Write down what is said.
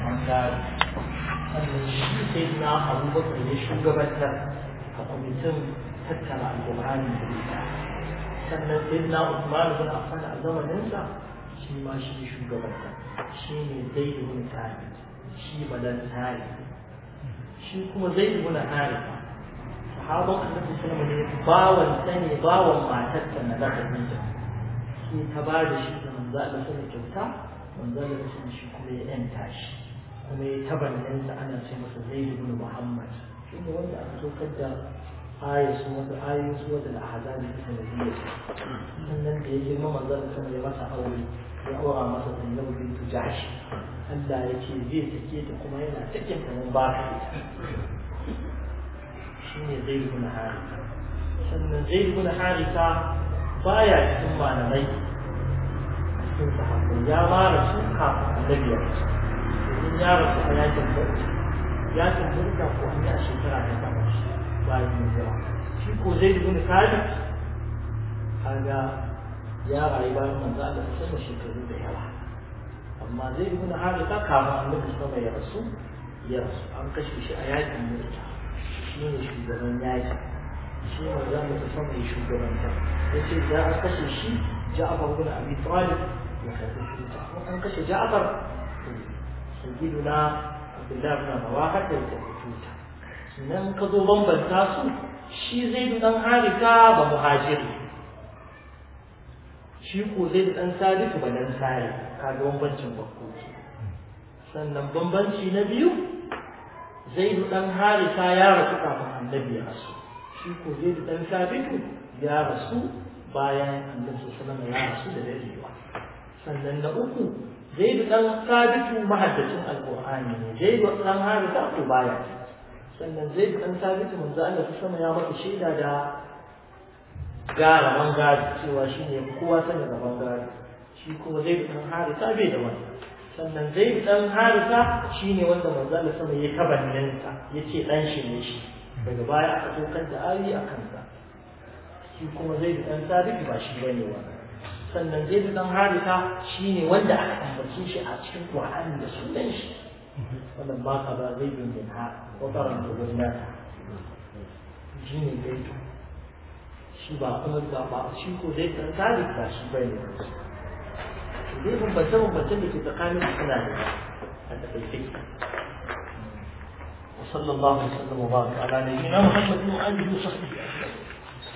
sannan shi sai na abubakar ya shugabantar a kwamitin tattara alƙur'ani da sannan bin affan a sa, shi ma shi shugabantar shi ne zai wani tari shi balan tari shi kuma zai wani tari sahabon annabi sallallahu ne bawan sani bawan matar da na Khadija shi ta ba da shi da manzo Allah sallallahu alaihi kyauta manzo Allah shi kuma ya yanta shi kuma ya tabanninsa ana ce masa zai ibn muhammad shi ne wanda aka so saukar da ayasu wata ayasu wata da ahazabi ta sanadiyya sannan da ya girma manzon sama ya masa aure ya aura masa zainab bintu shi. Allah ya ce zai take ta kuma yana cikin kamar ba shi ne zai ibn harisa sannan zai ibn harisa baya cikin malamai cikin sahabbai ya mara su kafin annabi ya ya rasu ta yakin burka yakin burka ko an yi a shekara ta takwas bayan hijira shi ko zai ibn khalid kaga ya rayu bayan manzo Allah sama shekaru da yawa amma zai ibn harisa kama annabi sama ya rasu ya rasu an kashe shi a yakin burka shi ne shugaban yaki shi ne manzo Allah sama ya shugabanta yace da kashe shi ja'afar ibn Abi Talib ya karbi shi ta, an kashe ja'afar. sujiduna abdullahi ibn rawaha da ita kututa sannan ka zo bambanta su shi zai zaidu ɗan harika ba muhajiri shi ko zaidu ɗan sadiku ba ɗan sare ga bambancin bakoki. sannan bambanci na biyu zai zaidu ɗan harika ya rasu kafin annabi ya rasu shi ko zaidu ɗan sabitu ya rasu bayan annabi sallallahu alaihi wasallam ya rasu da dadewa sannan na uku zaidu dan sabitu mahaddacin alqur'ani ne zaidu dan harisa ko baya sannan zaidu dan sabitu manzo Allah sama ya maka shaida da gara bangare cewa ne kowa sanin da bangare shi kuma zaidu dan harisa bai da wani sannan zaidu dan harisa shi ne wanda manzo Allah sama ya kabannin sa yace dan shi ne shi daga baya aka tokar da ayi a Kansa? shi kuma zaidu dan sabitu ba shi bane wannan sannan zai da dan harisa shine wanda aka ambace shi a cikin qur'ani da sunan shi wannan ba ka ba zai bin bin ha ko faran da gurin shine zai shi ba kuma da ba shi ko zai ta sabit ba shi bane zai bambance bambance da ke tsakanin suna da a takaice وصلى الله وسلم وبارك على نبينا محمد وآله وصحبه